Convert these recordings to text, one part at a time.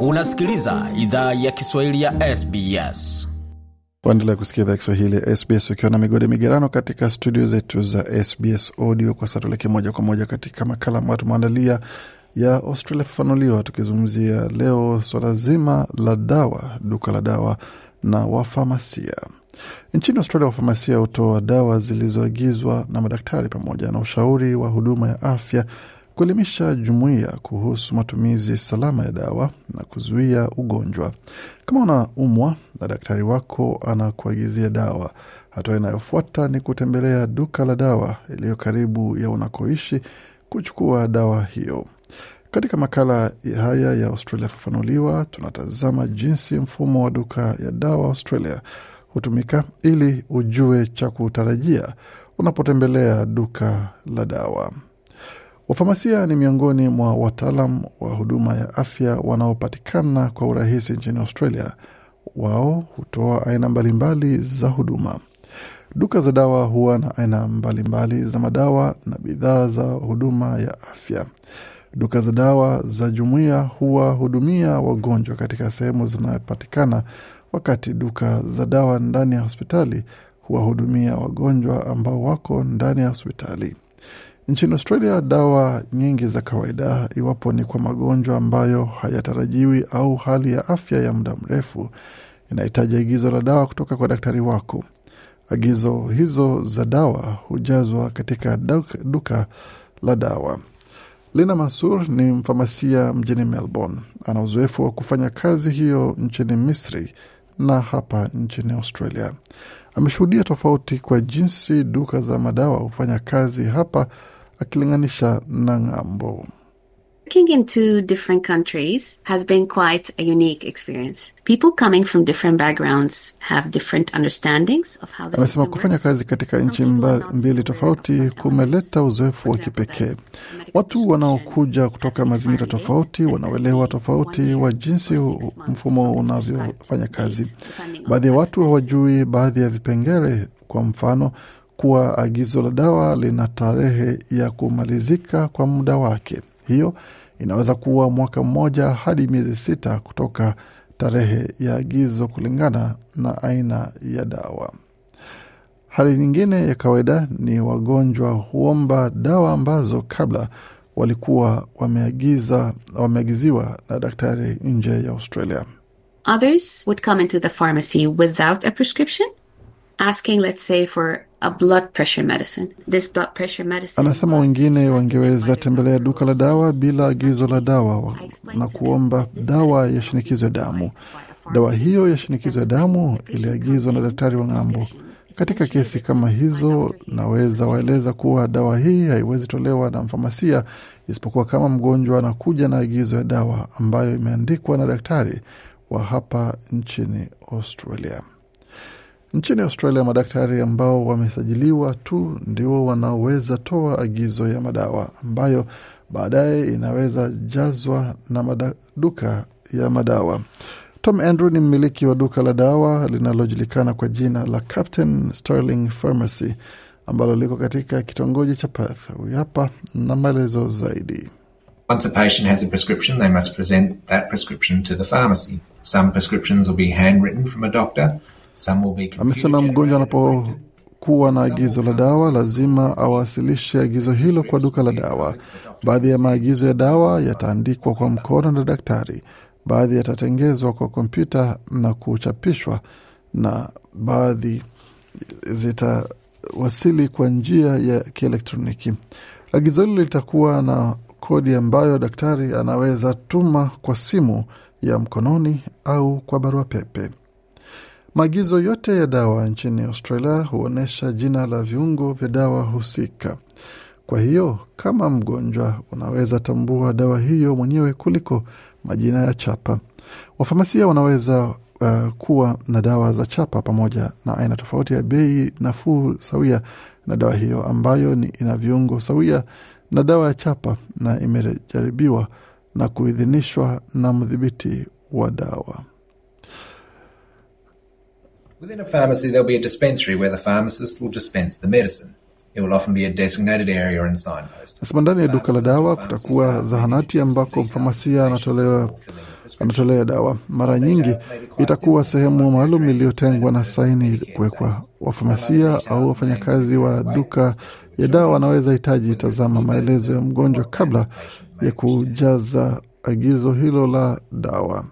Unasikiliza idhaa ya Kiswahili ya SBS. Waendelea kusikia idhaa Kiswahili ya SBS ukiwa na migode migerano katika studio zetu za SBS Audio. Kwa sasa tuelekee moja kwa moja katika makala ambayo tumeandalia ya Australia Fafanuliwa, tukizungumzia leo swala zima la dawa, duka la dawa na wafamasia nchini Australia. Wafamasia hutoa dawa zilizoagizwa na madaktari pamoja na ushauri wa huduma ya afya kuelimisha jumuiya kuhusu matumizi salama ya dawa na kuzuia ugonjwa. Kama unaumwa na daktari wako anakuagizia dawa, hatua inayofuata ni kutembelea duka la dawa iliyo karibu ya unakoishi kuchukua dawa hiyo. Katika makala haya ya Australia Fafanuliwa, tunatazama jinsi mfumo wa duka ya dawa Australia hutumika ili ujue cha kutarajia unapotembelea duka la dawa. Wafamasia ni miongoni mwa wataalam wa huduma ya afya wanaopatikana kwa urahisi nchini Australia. Wao hutoa aina mbalimbali za huduma. Duka za dawa huwa na aina mbalimbali za madawa na bidhaa za huduma ya afya. Duka za dawa za jumuiya huwahudumia wagonjwa katika sehemu zinayopatikana, wakati duka za dawa ndani ya hospitali huwahudumia wagonjwa ambao wako ndani ya hospitali. Nchini Australia, dawa nyingi za kawaida, iwapo ni kwa magonjwa ambayo hayatarajiwi au hali ya afya ya muda mrefu, inahitaji agizo la dawa kutoka kwa daktari wako. Agizo hizo za dawa hujazwa katika duka, la dawa. Lina Masur ni mfamasia mjini Melbourne. Ana uzoefu wa kufanya kazi hiyo nchini Misri na hapa nchini Australia. Ameshuhudia tofauti kwa jinsi duka za madawa hufanya kazi hapa akilinganisha na ng'ambo. Working in two different countries has been quite a unique experience. People coming from different backgrounds have different understandings of how kufanya kazi katika nchi mbili tofauti kumeleta uzoefu wa kipekee. Watu wanaokuja kutoka mazingira tofauti wanaoelewa tofauti wa jinsi mfumo unavyofanya kazi. Baadhi ya watu hawajui baadhi ya vipengele, kwa mfano kuwa agizo la dawa lina tarehe ya kumalizika kwa muda wake. Hiyo inaweza kuwa mwaka mmoja hadi miezi sita kutoka tarehe ya agizo kulingana na aina ya dawa. Hali nyingine ya kawaida ni wagonjwa huomba dawa ambazo kabla walikuwa wameagiza, wameagiziwa na daktari nje ya Australia. Others would come into the pharmacy without a prescription asking let's say for A blood pressure medicine. This blood pressure medicine. Anasema wengine wangeweza tembelea duka la dawa bila agizo la dawa na kuomba dawa ya shinikizo ya damu. Dawa hiyo ya shinikizo ya damu iliagizwa na daktari wa ng'ambo. Katika kesi kama hizo, naweza waeleza kuwa dawa hii haiwezi tolewa na mfamasia isipokuwa kama mgonjwa anakuja na agizo ya dawa ambayo imeandikwa na daktari wa hapa nchini Australia. Nchini Australia, madaktari ambao wamesajiliwa tu ndio wanaweza toa agizo ya madawa ambayo baadaye inaweza jazwa na maduka ya madawa. Tom Andrew ni mmiliki wa duka la dawa linalojulikana kwa jina la Captain Sterling Pharmacy ambalo liko katika kitongoji cha Perth. Huyu hapa na maelezo zaidi. Once a patient has a prescription, they must present that prescription to the pharmacy. Some prescriptions will be handwritten from a doctor Amesema mgonjwa anapokuwa na agizo la dawa lazima awasilishe agizo hilo kwa duka la dawa. Baadhi ya maagizo ya dawa yataandikwa kwa mkono na daktari, baadhi yatatengezwa kwa kompyuta na kuchapishwa, na baadhi zitawasili kwa njia ya kielektroniki. Agizo hilo litakuwa na kodi ambayo daktari anaweza tuma kwa simu ya mkononi au kwa barua pepe. Maagizo yote ya dawa nchini Australia huonyesha jina la viungo vya dawa husika. Kwa hiyo kama mgonjwa unaweza tambua dawa hiyo mwenyewe kuliko majina ya chapa. Wafamasia wanaweza uh, kuwa na dawa za chapa pamoja na aina tofauti ya bei nafuu sawia na dawa hiyo ambayo ni ina viungo sawia na dawa ya chapa na imejaribiwa na kuidhinishwa na mdhibiti wa dawa. Within a pharmacy there'll be a dispensary where the pharmacist will dispense the medicine. It will often be a designated area and signpost. Nasema ndani ya duka la dawa kutakuwa zahanati ambako mfamasia anatolewa anatolea dawa. Mara nyingi itakuwa sehemu maalum iliyotengwa na saini kuwekwa. Wafamasia au wafanyakazi wa duka ya dawa wanaweza hitaji tazama maelezo ya mgonjwa kabla ya kujaza agizo hilo la dawa.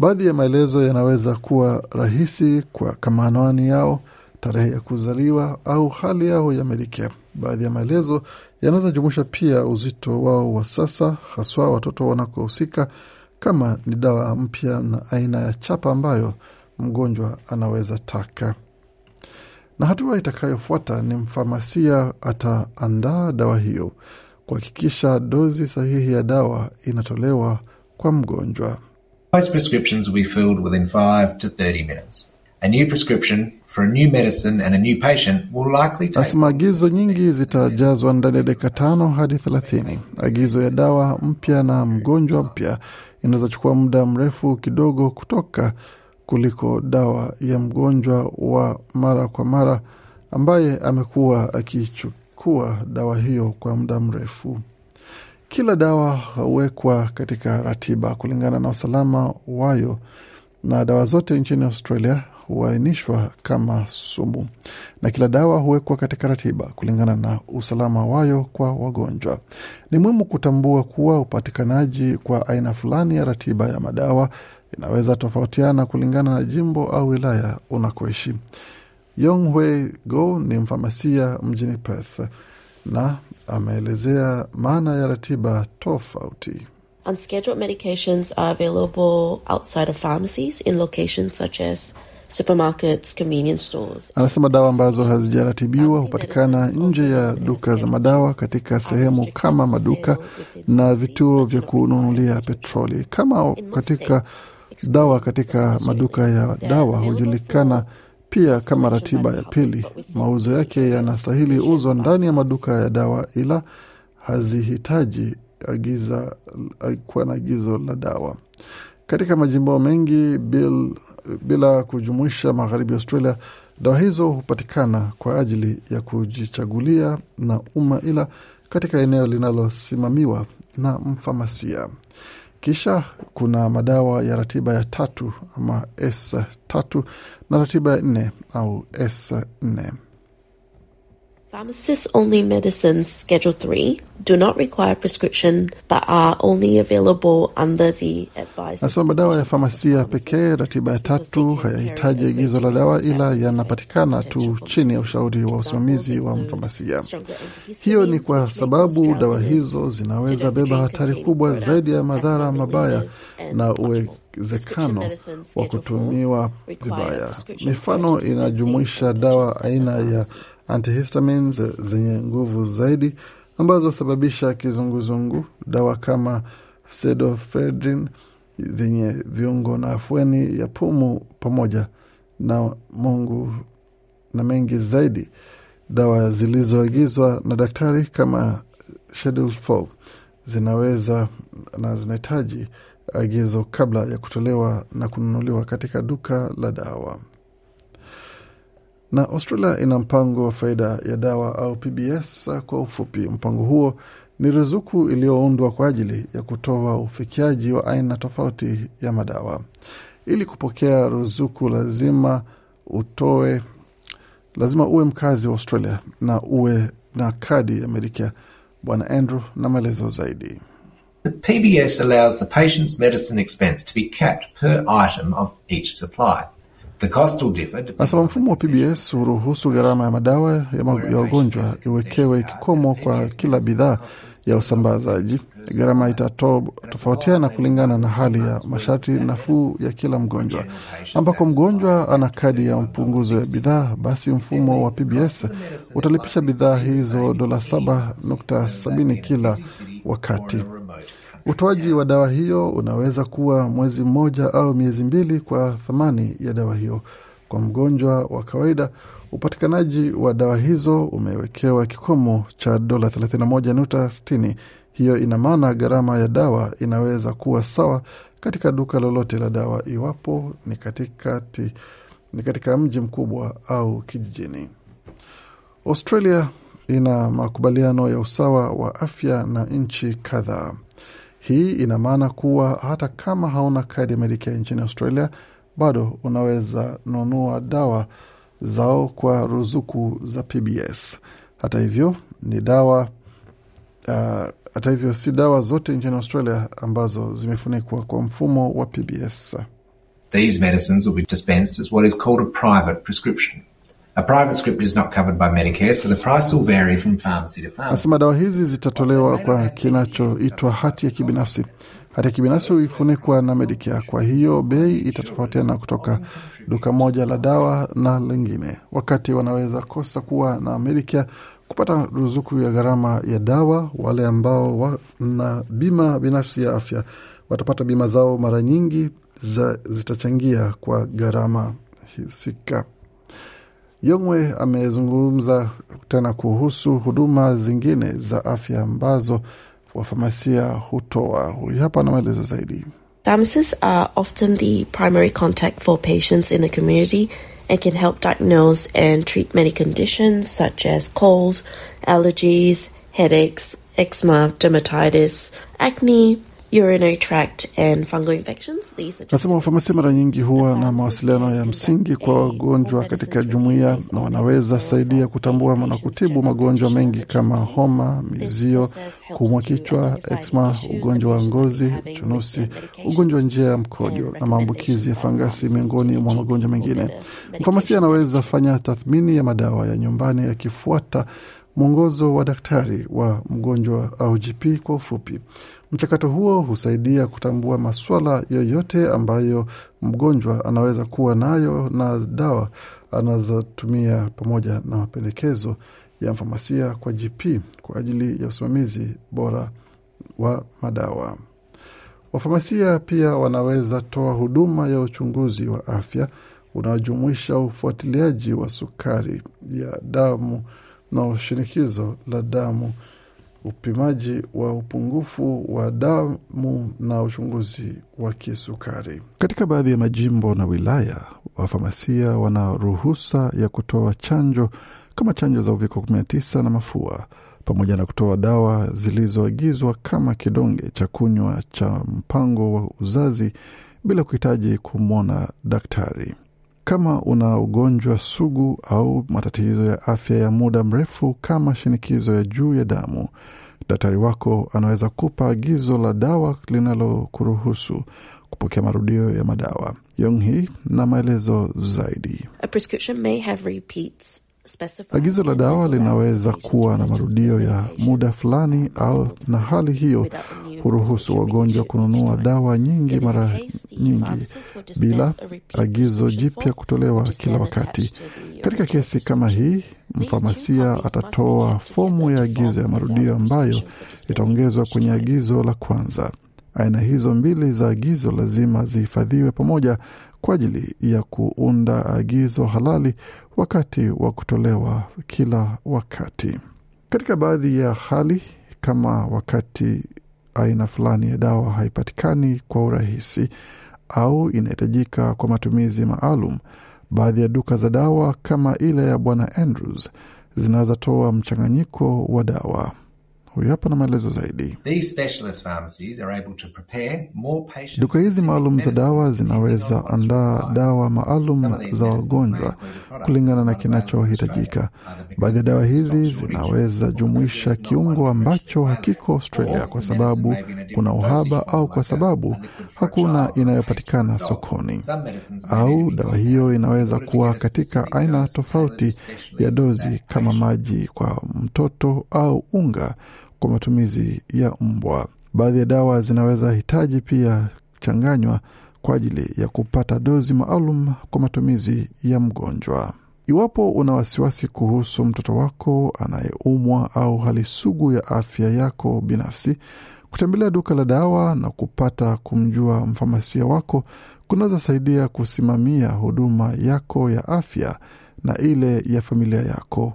Baadhi ya maelezo yanaweza kuwa rahisi kwa kama anwani yao, tarehe ya kuzaliwa au hali yao ya Medicare. Baadhi ya maelezo yanaweza jumuisha pia uzito wao wa sasa, haswa watoto wanakohusika, kama ni dawa mpya na aina ya chapa ambayo mgonjwa anaweza taka. Na hatua itakayofuata ni mfamasia ataandaa dawa hiyo kuhakikisha dozi sahihi ya dawa inatolewa kwa mgonjwa. Most prescriptions will be filled within 5 to 30 minutes. A new prescription for a new medicine and a new patient will likely take... Asma agizo nyingi zitajazwa ndani ya dakika tano hadi 30. Agizo ya dawa mpya na mgonjwa mpya inaweza chukua muda mrefu kidogo kutoka kuliko dawa ya mgonjwa wa mara kwa mara ambaye amekuwa akichukua dawa hiyo kwa muda mrefu. Kila dawa huwekwa katika ratiba kulingana na usalama wayo, na dawa zote nchini Australia huainishwa kama sumu, na kila dawa huwekwa katika ratiba kulingana na usalama wayo kwa wagonjwa. Ni muhimu kutambua kuwa upatikanaji kwa aina fulani ya ratiba ya madawa inaweza tofautiana kulingana na jimbo au wilaya unakoishi. Yonghui Go ni mfamasia mjini Perth na ameelezea maana ya ratiba tofauti. Anasema dawa ambazo hazijaratibiwa hupatikana nje ya duka za madawa katika sehemu kama maduka na vituo vya kununulia petroli. Kama katika dawa katika maduka ya dawa hujulikana pia kama ratiba ya pili. Mauzo yake yanastahili uzwa ndani ya maduka ya dawa, ila hazihitaji agiza kuwa na agizo la dawa katika majimbo mengi bil, bila kujumuisha magharibi ya Australia. Dawa hizo hupatikana kwa ajili ya kujichagulia na umma, ila katika eneo linalosimamiwa na mfamasia. Kisha kuna madawa ya ratiba ya tatu ama S tatu na ratiba ya nne au S nne. Pharmacist-only medicines Schedule 3 do not require prescription but are only available under the advice. Hasa madawa ya famasia pekee, ratiba ya tatu, hayahitaji agizo la dawa, ila yanapatikana tu chini ya ushauri wa usimamizi wa mfamasia. Hiyo ni kwa sababu dawa hizo zinaweza beba hatari kubwa zaidi ya madhara mabaya na uwezekano wa kutumiwa vibaya. Mifano inajumuisha dawa aina ya antihistamines zenye nguvu zaidi ambazo husababisha kizunguzungu. Dawa kama sedofedrin zenye viungo na afueni ya pumu pamoja na mungu na mengi zaidi. Dawa zilizoagizwa na daktari kama Schedule 4 zinaweza na zinahitaji agizo kabla ya kutolewa na kununuliwa katika duka la dawa na Australia ina mpango wa faida ya dawa au PBS kwa ufupi. Mpango huo ni ruzuku iliyoundwa kwa ajili ya kutoa ufikiaji wa aina tofauti ya madawa. Ili kupokea ruzuku, lazima utoe, lazima uwe mkazi wa Australia na uwe na kadi ya Medicare. Bwana Andrew na maelezo zaidi. The PBS allows the patient's medicine expense to be capped per item of each supply. Nasema mfumo wa PBS huruhusu gharama ya madawa ya wagonjwa iwekewe kikomo kwa kila bidhaa ya usambazaji. Gharama itatofautiana kulingana na hali ya masharti nafuu ya kila mgonjwa. Ambako mgonjwa ana kadi ya mpunguzo ya bidhaa, basi mfumo wa PBS utalipisha bidhaa hizo dola 7.70 kila wakati. Utoaji wa dawa hiyo unaweza kuwa mwezi mmoja au miezi mbili kwa thamani ya dawa hiyo. Kwa mgonjwa wa kawaida, upatikanaji wa dawa hizo umewekewa kikomo cha dola 31.60. Hiyo ina maana gharama ya dawa inaweza kuwa sawa katika duka lolote la dawa iwapo ni katikati, ni katika mji mkubwa au kijijini. Australia ina makubaliano ya usawa wa afya na nchi kadhaa. Hii ina maana kuwa hata kama hauna kadi ya Medicare nchini Australia, bado unaweza nunua dawa zao kwa ruzuku za PBS. Hata hivyo ni dawa uh, hata hivyo si dawa zote nchini Australia ambazo zimefunikwa kwa mfumo wa PBS. These medicines will be dispensed as what is called a private prescription. A private script is not covered by Medicare, so the price will vary from pharmacy to pharmacy. Nasema dawa hizi zitatolewa kwa kinachoitwa hati ya kibinafsi. Hati ya kibinafsi huifunikwa na Medicare, kwa hiyo bei itatofautiana kutoka duka moja la dawa na lingine. Wakati wanaweza kosa kuwa na Medicare kupata ruzuku ya gharama ya dawa, wale ambao wana bima binafsi ya afya watapata bima zao mara nyingi za zitachangia kwa gharama hisika. Yongwe amezungumza tena kuhusu huduma zingine za afya ambazo wafamasia hutoa. Huyu hapa na maelezo zaidi. Pharmacists are often the primary contact for patients in the community and can help diagnose and treat many conditions such as colds, allergies, headaches, eczema, dermatitis, acne, urinary tract and fungal infections. Nasema wafamasia mara nyingi huwa na mawasiliano ya msingi kwa wagonjwa katika jumuiya na wanaweza saidia kutambua na kutibu magonjwa mengi kama homa, mizio, kuumwa kichwa, eksma, ugonjwa wa ngozi, chunusi, ugonjwa wa njia ya mkojo na maambukizi ya fangasi, miongoni mwa magonjwa mengine. Mfamasia anaweza fanya tathmini ya madawa ya nyumbani yakifuata mwongozo wa daktari wa mgonjwa au GP kwa ufupi. Mchakato huo husaidia kutambua maswala yoyote ambayo mgonjwa anaweza kuwa nayo na dawa anazotumia pamoja na mapendekezo ya mfamasia kwa GP kwa ajili ya usimamizi bora wa madawa. Wafamasia pia wanaweza toa huduma ya uchunguzi wa afya unaojumuisha ufuatiliaji wa sukari ya damu na shinikizo la damu, upimaji wa upungufu wa damu na uchunguzi wa kisukari. Katika baadhi ya majimbo na wilaya, wafamasia wana ruhusa ya kutoa chanjo kama chanjo za uviko 19 na mafua pamoja na kutoa dawa zilizoagizwa kama kidonge cha kunywa cha mpango wa uzazi bila kuhitaji kumwona daktari. Kama una ugonjwa sugu au matatizo ya afya ya muda mrefu kama shinikizo ya juu ya damu, daktari wako anaweza kupa agizo la dawa linalokuruhusu kupokea marudio ya madawa. Yonghi na maelezo zaidi. A prescription may have repeats Agizo la dawa linaweza kuwa na marudio ya muda fulani au, na hali hiyo huruhusu wagonjwa kununua dawa nyingi mara nyingi bila agizo jipya kutolewa kila wakati. Katika kesi kama hii, mfamasia atatoa fomu ya agizo ya marudio ambayo itaongezwa kwenye agizo la kwanza. Aina hizo mbili za agizo lazima zihifadhiwe pamoja kwa ajili ya kuunda agizo halali wakati wa kutolewa kila wakati. Katika baadhi ya hali kama wakati aina fulani ya dawa haipatikani kwa urahisi au inahitajika kwa matumizi maalum, baadhi ya duka za dawa kama ile ya Bwana Andrews zinaweza toa mchanganyiko wa dawa. Huyu hapa na maelezo zaidi. Duka hizi maalum za dawa zinaweza andaa dawa maalum za wagonjwa kulingana na kinachohitajika. Baadhi ya dawa hizi zinaweza jumuisha kiungo ambacho hakiko Australia kwa sababu kuna uhaba au kwa sababu hakuna inayopatikana sokoni, au dawa hiyo inaweza kuwa katika aina tofauti ya dozi kama maji kwa mtoto au unga kwa matumizi ya mbwa. Baadhi ya dawa zinaweza hitaji pia changanywa kwa ajili ya kupata dozi maalum kwa matumizi ya mgonjwa. Iwapo una wasiwasi kuhusu mtoto wako anayeumwa au hali sugu ya afya yako binafsi, kutembelea duka la dawa na kupata kumjua mfamasia wako kunaweza saidia kusimamia huduma yako ya afya na ile ya familia yako.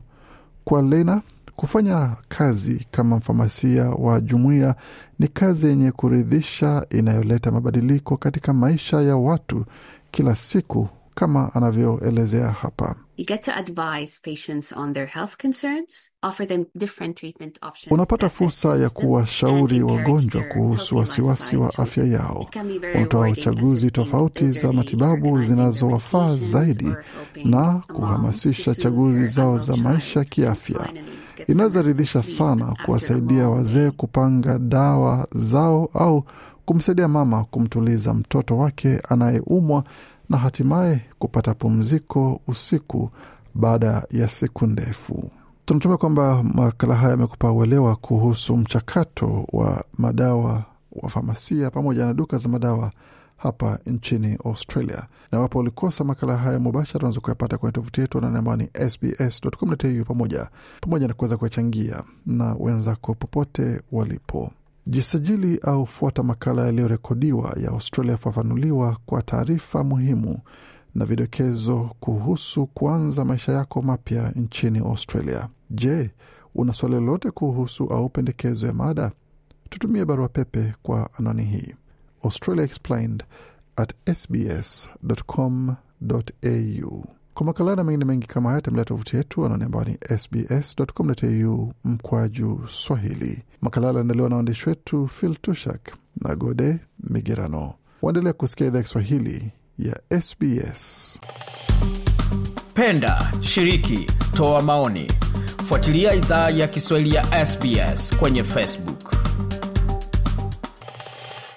Kwa Lena Kufanya kazi kama mfamasia wa jumuiya ni kazi yenye kuridhisha inayoleta mabadiliko katika maisha ya watu kila siku, kama anavyoelezea hapa. Unapata fursa ya kuwashauri wagonjwa kuhusu wasiwasi wa afya yao. Unatoa uchaguzi tofauti za matibabu zinazowafaa zaidi na kuhamasisha chaguzi zao za maisha kiafya. Inawezaridhisha sana kuwasaidia wazee kupanga dawa zao au kumsaidia mama kumtuliza mtoto wake anayeumwa na hatimaye kupata pumziko usiku baada ya siku ndefu. Tunatumia kwamba makala haya yamekupa uelewa kuhusu mchakato wa madawa wa famasia pamoja na duka za madawa hapa nchini Australia. Na wapo walikosa makala haya mubashara, unaweza kuyapata kwenye tovuti yetu ananambani sbs.com.au, pamoja pamoja na kuweza kuyachangia na wenzako popote walipo. Jisajili au fuata makala yaliyorekodiwa ya Australia Fafanuliwa kwa taarifa muhimu na vidokezo kuhusu kuanza maisha yako mapya nchini Australia. Je, una swali lolote kuhusu au pendekezo ya mada? Tutumie barua pepe kwa anwani hii Australia Explained at sbs.com.au. Kwa makala na mengine mengi kama haya tembelea tovuti yetu anaoni ambao ni sbs.com.au mkwaju Swahili. Makala aliandaliwa na waandishi wetu Phil Tushak na Gode Migerano. Waendelea kusikia idhaa Kiswahili ya SBS. Penda, shiriki, toa maoni, fuatilia idhaa ya Kiswahili ya SBS kwenye Facebook.